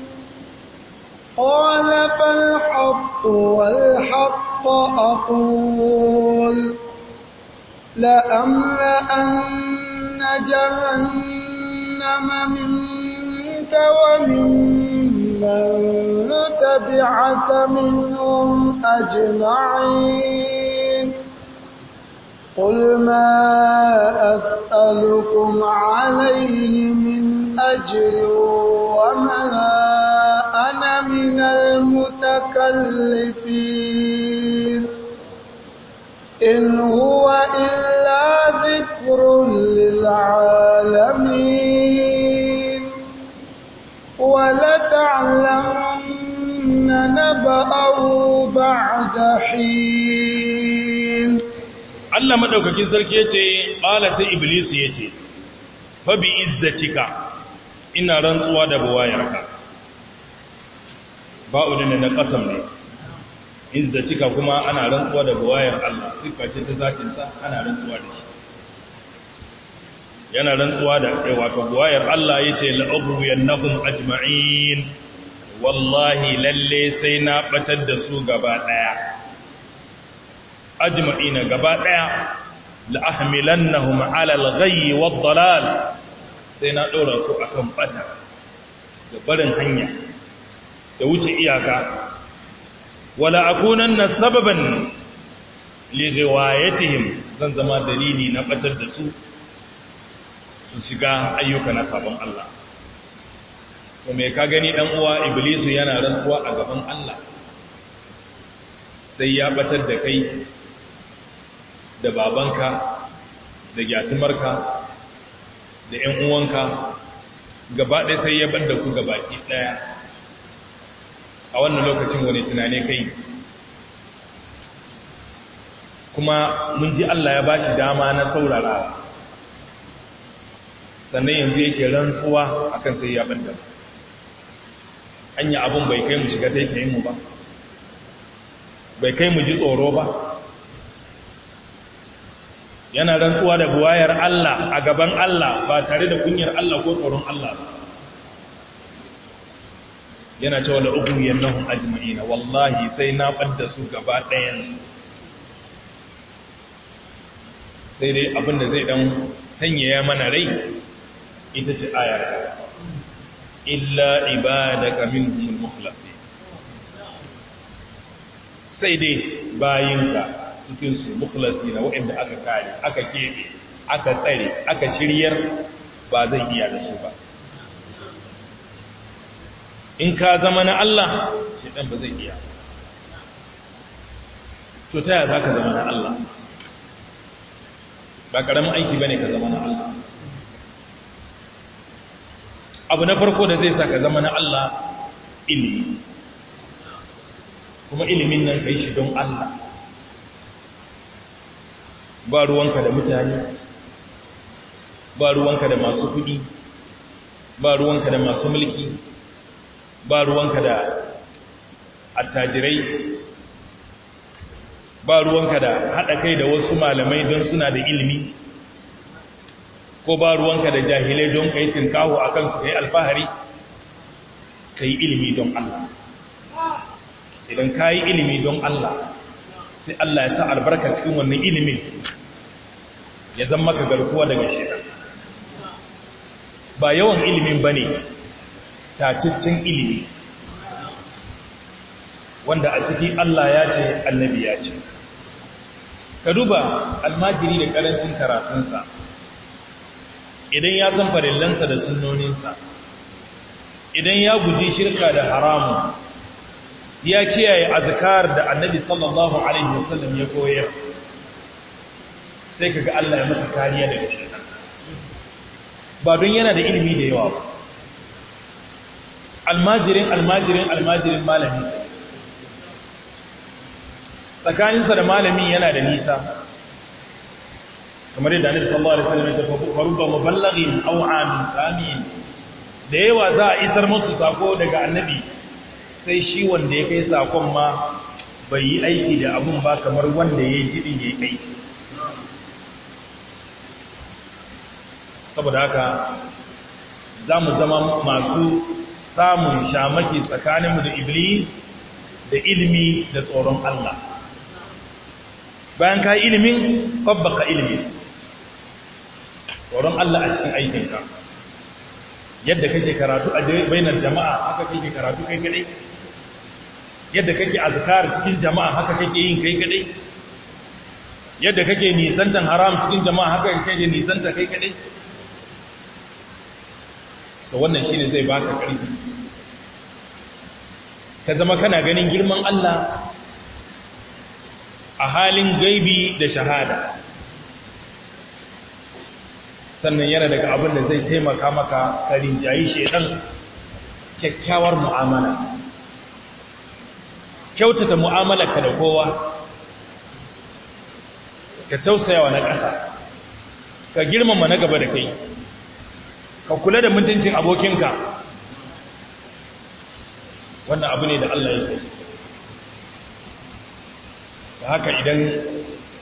Speaker 2: قال فالحق والحق أقول لأملأن جهنم منك ومن لن تبعك منهم أجمعين قل ما أسألكم عليه من أجر وما أنا من المتكلفين إن هو إلا ذكر للعالمين ولتعلمن نبأه بعد حين
Speaker 1: Allah madaukakin sarki yace bala sai iblis yace fa bi izzatika ina rantsuwa da buwayarka udin da na kasam ne izzatika kuma ana rantsuwa da buwayar Allah sifa ce ta zatin sa ana rantsuwa da shi yana rantsuwa da eh, wato buwayar Allah ya ce la'ughwiyannahum ajma'in wallahi lalle sai na batar da su gaba daya ajma'ina gaba daya la'ahmilannahum 'ala al-ghayyi wad-dalal sai na dora su akan bata da barin hanya da wuce iyaka wala akunanna sababan li ghiwayatihim zan zama dalili na batar da su su shiga ayyuka na sabon Allah to mai ka gani ɗan uwa iblisu yana rantsuwa a gaban Allah sai ya batar da kai da babanka da gyatumarka da ‘yan uwanka gaba ɗaya sai ya ban da ku baki ɗaya a wannan lokacin wani tunane kai kuma mun ji Allah ya ba shi dama na saurara sannan yanzu yake rantsuwa kan sai ya banta anya abin bai kai mu shiga taitayin mu ba bai kai mu ji tsoro ba yana rantsuwa da buwayar Allah a gaban Allah ba tare da kunyar Allah ko tsoron Allah ba yana cewa da uku yannahun ajma'ina wallahi sai na ɓadda su gaba ɗayan sai dai abinda zai ɗan sanyaya mana rai ita ce ayar illa ka minhum al-mukhlasin sai dai bayinka cikin su mukhlasina waɗanda aka kare aka kebe aka tsare aka shiryar ba zai iya da su ba in ka zama na Allah shedan ba zai iya to ta zaka zama na Allah ba karamin aiki ba ne ka zama na Allah abu na farko da zai sa ka zama na Allah ilimi kuma ilimin nan kai shi don Allah ba ruwanka da mutane ba ruwanka da masu kudi ba ruwanka da masu mulki ba ruwanka da attajirai ba ruwanka da haɗa kai da wasu malamai don suna da ilimi ko ba ruwanka da jahilai don ka yi tinkaho a kansu ka yi alfahari ka yi ilimi don Allah idan ka yi ilimi don Allah sai Allah ya sa albarka cikin wannan ilimin ya zama ka garkuwa daga shida ba yawan ilimin ba ne tatattun ilimi wanda a ciki Allah ya ce annabi ya ce ka duba almajiri da karancin karatunsa idan ya san farillansa da sunnoninsa idan ya guji shirka da haramun ya kiyaye azkar da annabi sallallahu alaihi wasallam ya koyar sai kaga Allah ya masa kariya daga shirka ba don yana da ilimi da yawa ba almajirin almajirin almajirin malami tsakaninsa da malami yana da nisa kamar yadda annabi sallallahu alaihi wasallam ya tafi farubba muballighin aw amin samin da yawa za a isar musu sako daga annabi sai shi wanda ya kai sakon ma bai yi aiki da abun ba kamar wanda ya yi gidin ya yi aiki saboda haka za mu zama masu samun shamaki tsakaninmu da iblis da ilimi da tsoron Allah bayan ka ilimin ka ilimin tsoron Allah a cikin aikinka yadda kake karatu a bainar jama'a haka kake karatu kai kadai yadda kake azkar cikin jama'a haka kake yin kai kadai yadda kake nisantan haram cikin jama'a haka kake nisanta kai kadai to wannan shine zai baka ƙarfi ka zama kana ganin girman Allah a halin gaibi da shahada sannan yana daga abin da zai taimaka maka ka rinjayi ɗan kyakkyawar mu'amala kyautata mu'amalarka da kowa ka tausayawa na ƙasa ka girmama na gaba da kai ka kula da mutuncin abokinka wannan abu ne da Allah ya so haka idan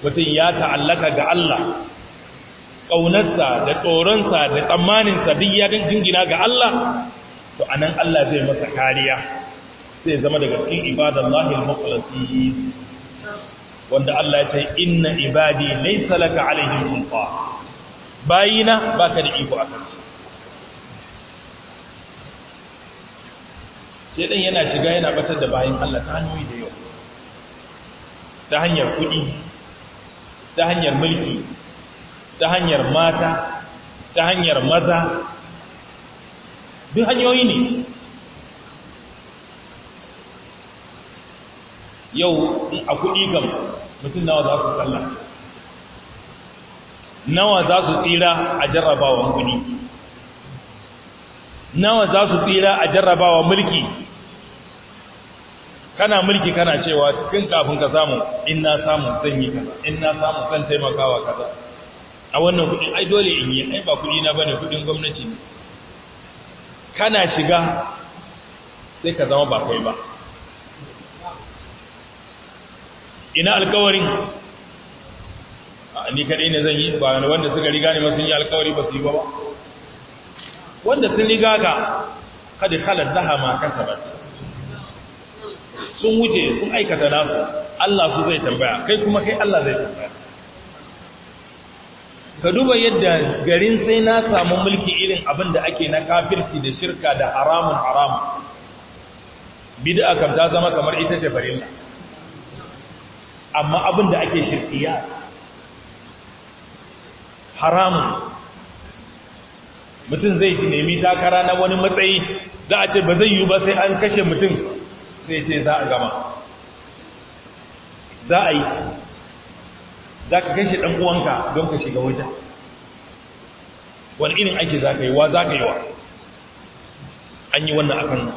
Speaker 1: mutum ya ta'allaka ga Allah ƙaunarsa da tsoronsa da tsammaninsa duk ya jingina ga Allah to a nan Allah zai masa kariya sai zama daga cikin ibadan lahil makwalasi wanda Allah ya ce inna ibadi laysa salaka alaihim sultan bayina ka da iko a su sai yana shiga yana batar da bayan Allah ta hanyoyi da yau ta hanyar kudi ta hanyar mulki ta hanyar mata ta hanyar maza duk hanyoyi ne yau a kuɗi kam mutum nawa za su kalla. nawa za su tsira a jarrabawa kuɗi nawa za su tsira a jarrabawa mulki kana mulki kana cewa cikin kafin ka samu in na samu zan yi kaza in na samu zan taimakawa kaza a wannan kudin ai dole in yi ai ba kudi na bane kudin gwamnati ne kana shiga sai ka zama ba kai ba ina alkawarin ni kadai ne zan yi ba wanda suka riga ne sun yi alkawari ba su yi ba ba wanda sun riga ka kada halar daha ma kasabat sun wuce sun aikata nasu Allah su zai tambaya kai kuma kai Allah zai tambaya ka duba yadda garin sai na samu mulki irin abin da ake na kafirci da shirka da haramun haramun bid'a a ta zama kamar ita ce farilla amma abin da ake shirkiya haramun mutum zai ci nemi takara na wani matsayi za a ce ba zai yi ba sai an kashe mutum sai ce za a gama za a yi za ka kashe ɗan uwanka don ka shiga wajen wani irin aiki za ka yi wa za ka yi wa an yi wannan akan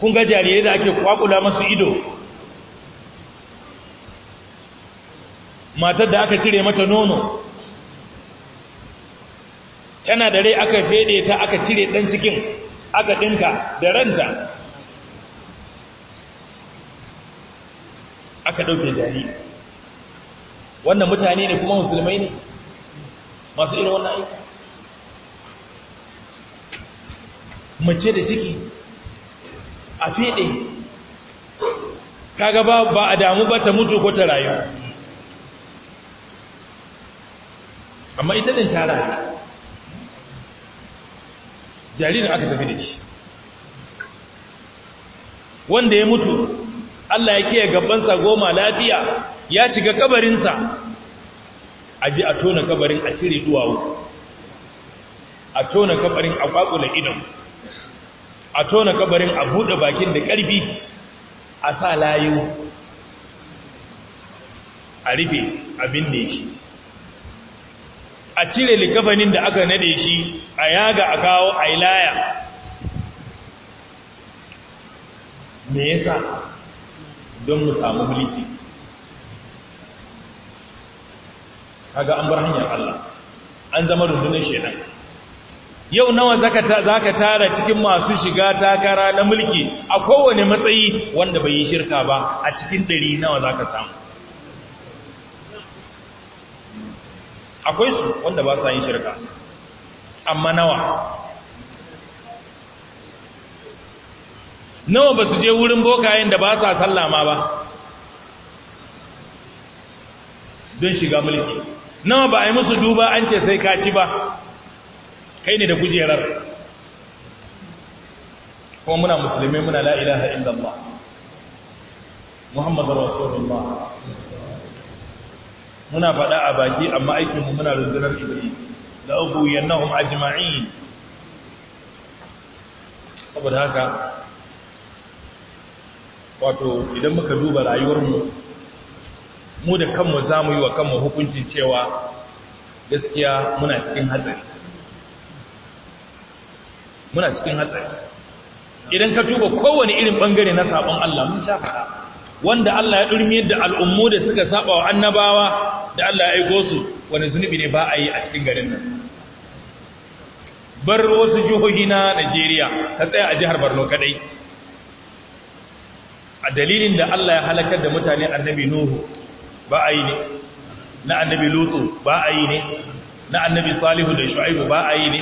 Speaker 1: kun ga jarirai da ake kwakula masu ido matar da aka cire mata nono tana da rai aka fede ta aka cire ɗan cikin aka ɗinka da ranta aka ɗauke jari. wannan mutane ne kuma musulmai ne masu irin wannan aiki mace da ciki a fiɗe kaga ba ba a damu ba ta mutu ko ta rayu amma ita ɗin tara jaririn aka tafi da shi wanda ya mutu Allah ya kiyaye gabansa goma lafiya ya shiga kabarinsa a ji a tona kabarin a cire duwawu a tona kabarin a kwakula idon a tona kabarin a buɗe bakin da ƙarfi a sa layu a rufe abin da shi a cire likafanin da aka naɗe shi a yaga a kawo a laya me yasa don mu samu mulki kaga an bar hanyar Allah an zama rundunar shedan yau nawa zaka tara cikin masu shiga takara na mulki a kowane matsayi wanda bai yi shirka ba a cikin dari nawa zaka samu akwai su wanda ba sa yin shirka amma nawa nawa ba su je wurin bokayen da ba sa sallama ba don shiga mulki nawa ba a yi musu duba an ce sai ka ba kai ne da kujerar kuma muna musulmi muna la ilaha illallah muhammadu rasulullah muna faɗa a baki amma aikinmu muna rundunar iblis da abu yannahum ajma'in saboda haka wato idan muka duba rayuwarmu mu da kanmu za mu yi wa kanmu hukuncin cewa gaskiya muna cikin hatsari muna cikin hatsari idan ka tuba kowane irin bangare na sabon Allah mun sha fara wanda Allah ya durmiyar da al'ummu da suka saba wa annabawa da Allah ya aiko su wani zunubi ne ba a yi a cikin garin nan bar wasu jihohi na Najeriya ta tsaya a jihar Borno kadai a dalilin da Allah ya halakar da mutane annabi Nuhu ba a yi ne na annabi lutu ba a yi ne na annabi salihu da shu'aibu ba a yi ne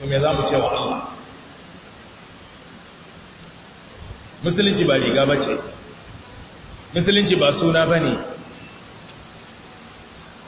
Speaker 1: kuma za mu ce wa Allah musulunci ba riga ba ce musulunci ba suna ba ne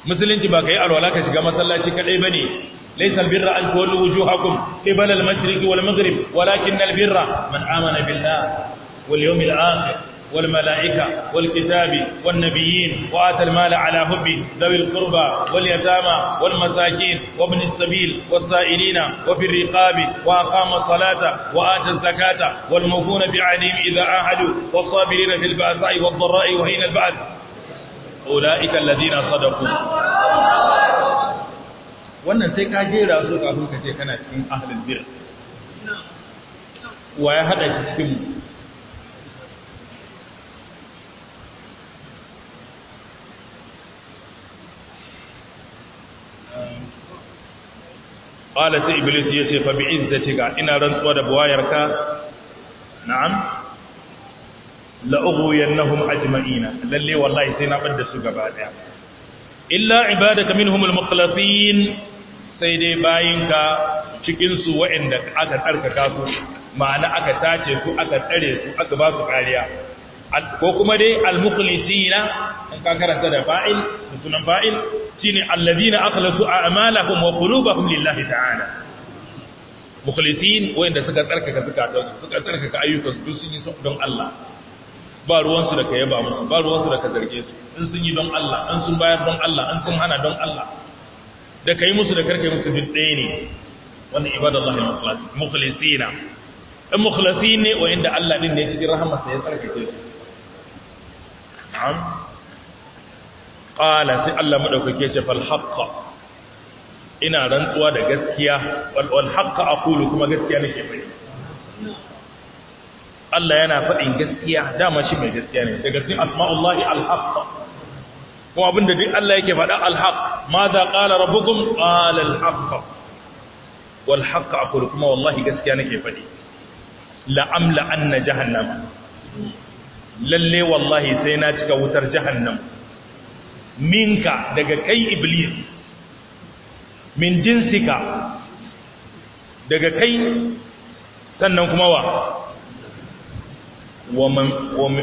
Speaker 1: musulunci ba ka yi alwala ka shiga masallaci kaɗai ba ne ليس البر أن تولوا وجوهكم قبل المشرق والمغرب ولكن البر من آمن بالله واليوم الآخر والملائكة والكتاب والنبيين وآتى المال على حب ذوي القربى واليتامى والمساكين وابن السبيل والسائلين وفي الرقاب وأقام الصلاة وآتى الزكاة والموفون بعهدهم إذا عاهدوا والصابرين في البأساء والضراء وحين البأس أولئك الذين صدقوا wannan sai ka jera su kafin ka ce kana cikin ahlul bir wa ya hada shi cikin mu ƙwala sai iblis ya ce fabi ga ina rantsuwa da buwayarka na'am la'ubuyan ajma'ina lalle wallahi sai na ɓadda su gaba ɗaya illa ibadaka minhumul mukhlasin sai dai bayinka cikinsu waɗanda aka tsarkaka su ma'ana aka tace su aka tsare su aka ba su kariya ko kuma dai al-mukhlisina in ka karanta da fa'il sunan fa'il shine Alladina, akhlasu a'malahum wa qulubahum lillahi ta'ala mukhlisin wanda suka tsarkaka zakatansu suka tsarkaka ayyukansu duk sun yi don Allah ba ruwansu da ka yaba musu ba ruwansu da ka zarge su in sun yi don Allah in sun bayar don Allah in sun hana don Allah da ka yi musu da karka yi musu duk ɗaya ne wannan ibadallahi mukhlisina in mukhlasi ne wa inda Allah din ne cikin rahamarsa ya tsarkake su na'am ƙala sai Allah maɗaukake ce falhaƙa ina rantsuwa da gaskiya walhaƙa a kulu kuma gaskiya ke faɗi Allah yana faɗin gaskiya dama shi mai gaskiya ne daga cikin asma'ullahi alhaƙa kuma abinda duk Allah yake faɗa alhaƙ ma za ƙala rabukun ƙala alhaƙa walhaƙa a kulu kuma wallahi gaskiya ke faɗi la'amla an na jahannama lalle wallahi sai na cika wutar jahannama minka daga kai iblis min jinsika daga kai sannan kuma wa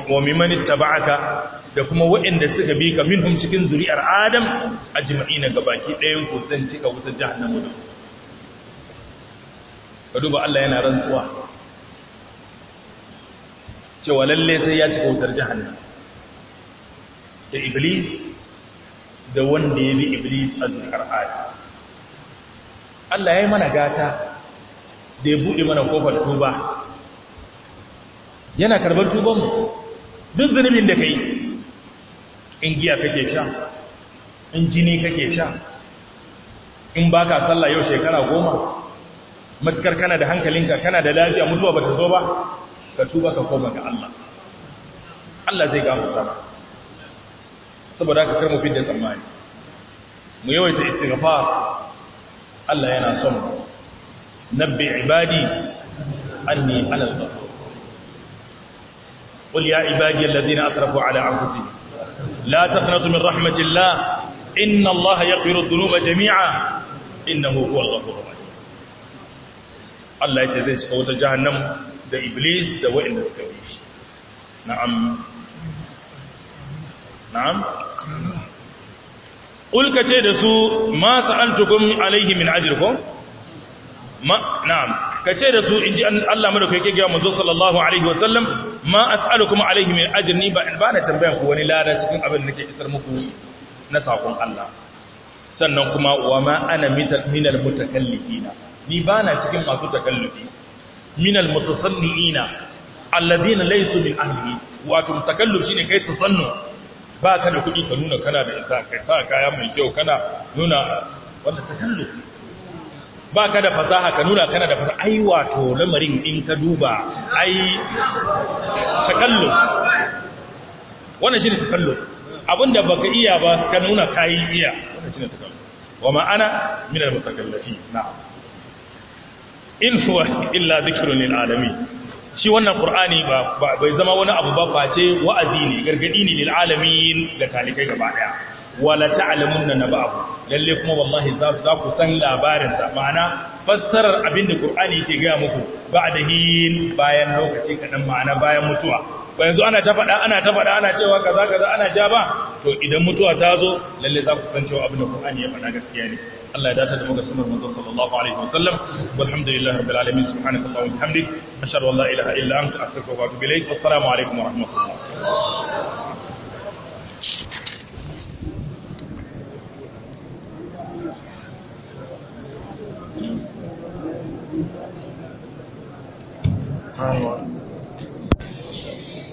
Speaker 1: wa mimani taba'aka da kuma waɗanda suka bi ka minhum cikin zuri'ar adam a jima'ina ga baki ɗayan ku zan cika wutar jahannamu da ka duba Allah yana rantsuwa cewa lalle sai ya cika wutar jahannamu da iblis da wanda ya bi iblis a zulkar hali Allah ya yi mana gata da ya buɗe mana kofar tuba yana karɓar tubanmu duk zunubin da ka yi in giya kake sha in jini kake sha in ba ka sallah yau shekara goma matukar kana da hankalinka kana da lafiya mutuwa ba ta zo ba ka tuba ka koma ga Allah Allah zai gafarta ba saboda haka karmu fidda tsammani mu yawaita istighfar Allah yana son mu nabbi ibadi anni ana al-ghafur qul ya ibadi alladhina asrafu ala anfusihim la taqnatu min rahmatillah inna Allah yaghfiru dhunuba jami'a innahu huwal ghafurur rahim Allah yace zai shiga wata jahannam da iblis da wa'inda suka bi shi na'am na'am ulka ce da su ma sa'altukum alaihi min ajrikum ma na'am kace da su inji Allah da kai madaukake ga manzo sallallahu alaihi sallam, ma as'alukum alaihi min ajrin ba ba na tambayan ku wani lada cikin abin da nake isar muku na sakon Allah sannan kuma wa ma ana minal mutakallifina ni ba na cikin masu takallufi minal mutasanniina alladina laysu min ahli wato takalluf shine kai tasannu ba ka da kuɗi ka nuna kana da isa kai sa kaya mai kyau kana nuna wanda ta kallo ba ka da fasaha ka nuna kana da fasaha ai wato lamarin in ka duba ai ta kallo wannan shine kallo abinda baka iya ba ka nuna kai iya wannan shine takalluf wa ma ana min al-mutakallifin na'am in huwa illa dhikrun lil alamin shi wannan ƙur'ani ba bai zama wani abu ba ce wa'azi ne gargadi ne lil alamin ga talikai gaba daya wala na ba abu lalle kuma wallahi za za ku san labarin ma'ana fassarar abinda ƙur'ani ke gaya muku da hin bayan lokaci kaɗan ma'ana bayan mutuwa ba yanzu ana ta faɗa ana ta faɗa ana cewa kaza kaza ana ja ba to idan mutuwa ta zo lalle za ku san cewa abin da Qur'ani ya faɗa gaskiya ne Allah ya dace da muka sunan manzo sallallahu alaihi wasallam walhamdulillahi rabbil alamin subhanallahi wa bihamdik ashhadu an la ilaha illa anta astaghfiruka wa atubu ilaik wassalamu alaikum wa rahmatullah
Speaker 3: Thank